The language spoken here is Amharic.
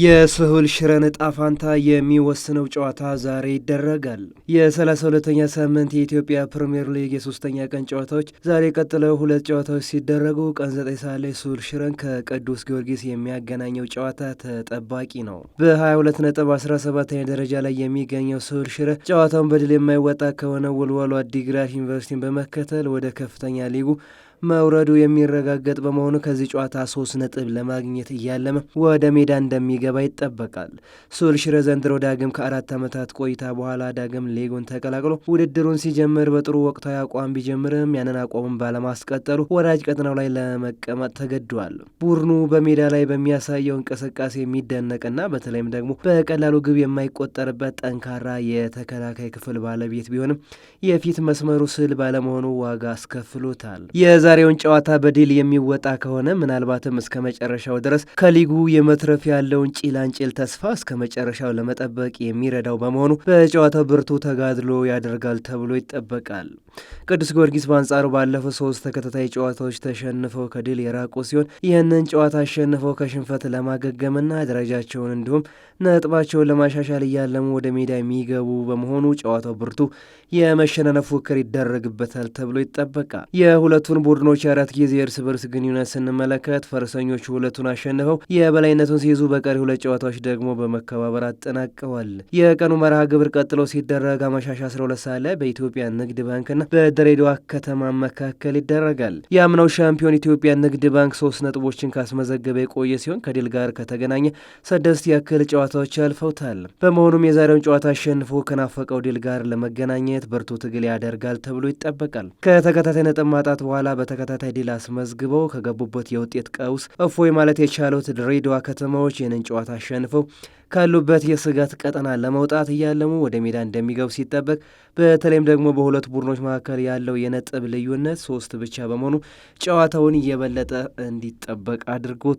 የስሁል ሽረን ጣፋንታ ፋንታ የሚወስነው ጨዋታ ዛሬ ይደረጋል። 32 ሁለተኛ ሳምንት የኢትዮጵያ ፕሪምየር ሊግ የሶስተኛ ቀን ጨዋታዎች ዛሬ ቀጥለው ሁለት ጨዋታዎች ሲደረጉ ቀን ዘጠኝ ሰዓት ላይ ስሁል ሽረን ከቅዱስ ጊዮርጊስ የሚያገናኘው ጨዋታ ተጠባቂ ነው። በ22 ነጥብ 17ኛ ደረጃ ላይ የሚገኘው ስሁል ሽረ ጨዋታውን በድል የማይወጣ ከሆነ ወልዋሎ አዲግራት ዩኒቨርሲቲን በመከተል ወደ ከፍተኛ ሊጉ መውረዱ የሚረጋገጥ በመሆኑ ከዚህ ጨዋታ ሶስት ነጥብ ለማግኘት እያለመ ወደ ሜዳ እንደሚገባ ይጠበቃል። ሱልሽረ ዘንድሮ ዳግም ከአራት ዓመታት ቆይታ በኋላ ዳግም ሌጎን ተቀላቅሎ ውድድሩን ሲጀምር በጥሩ ወቅታዊ አቋም ቢጀምርም ያንን አቋሙን ባለማስቀጠሉ ወራጅ ቀጠናው ላይ ለመቀመጥ ተገዷል። ቡድኑ በሜዳ ላይ በሚያሳየው እንቅስቃሴ የሚደነቅና በተለይም ደግሞ በቀላሉ ግብ የማይቆጠርበት ጠንካራ የተከላካይ ክፍል ባለቤት ቢሆንም የፊት መስመሩ ስል ባለመሆኑ ዋጋ አስከፍሎታል። የዛሬውን ጨዋታ በድል የሚወጣ ከሆነ ምናልባትም እስከ መጨረሻው ድረስ ከሊጉ የመትረፍ ያለውን ጭላንጭል ተስፋ እስከ መጨረሻው ለመጠበቅ የሚረዳው በመሆኑ በጨዋታው ብርቱ ተጋድሎ ያደርጋል ተብሎ ይጠበቃል። ቅዱስ ጊዮርጊስ በአንጻሩ ባለፈው ሶስት ተከታታይ ጨዋታዎች ተሸንፈው ከድል የራቁ ሲሆን ይህንን ጨዋታ አሸንፈው ከሽንፈት ለማገገምና ደረጃቸውን እንዲሁም ነጥባቸውን ለማሻሻል እያለሙ ወደ ሜዳ የሚገቡ በመሆኑ ጨዋታው ብርቱ የመሸነነፍ ፉክክር ይደረግበታል ተብሎ ይጠበቃል። የሁለቱን ቡድኖች አራት ጊዜ የእርስ በርስ ግንኙነት ስንመለከት ፈረሰኞቹ ሁለቱን አሸንፈው የበላይነቱን ሲይዙ በቀሪ ሁለት ጨዋታዎች ደግሞ በመከባበር አጠናቀዋል። የቀኑ መርሃ ግብር ቀጥሎ ሲደረግ አመሻሽ 12 ሰዓት ላይ በኢትዮጵያ ንግድ ባንክና በድሬዳዋ ከተማ መካከል ይደረጋል። የአምናው ሻምፒዮን ኢትዮጵያ ንግድ ባንክ ሶስት ነጥቦችን ካስመዘገበ የቆየ ሲሆን ከድል ጋር ከተገናኘ ስድስት ያክል ጨዋታዎች አልፈውታል። በመሆኑም የዛሬውን ጨዋታ አሸንፎ ከናፈቀው ድል ጋር ለመገናኘት ብርቱ ትግል ያደርጋል ተብሎ ይጠበቃል። ከተከታታይ ነጥብ ማጣት በኋላ በተከታታይ ድል አስመዝግበው ከገቡበት የውጤት ቀውስ እፎይ ማለት የቻሉት ድሬዳዋ ከተማዎች ይህንን ጨዋታ አሸንፈው ካሉበት የስጋት ቀጠና ለመውጣት እያለሙ ወደ ሜዳ እንደሚገቡ ሲጠበቅ በተለይም ደግሞ በሁለት ቡድኖች መካከል ያለው የነጥብ ልዩነት ሶስት ብቻ በመሆኑ ጨዋታውን እየበለጠ እንዲጠበቅ አድርጎታል።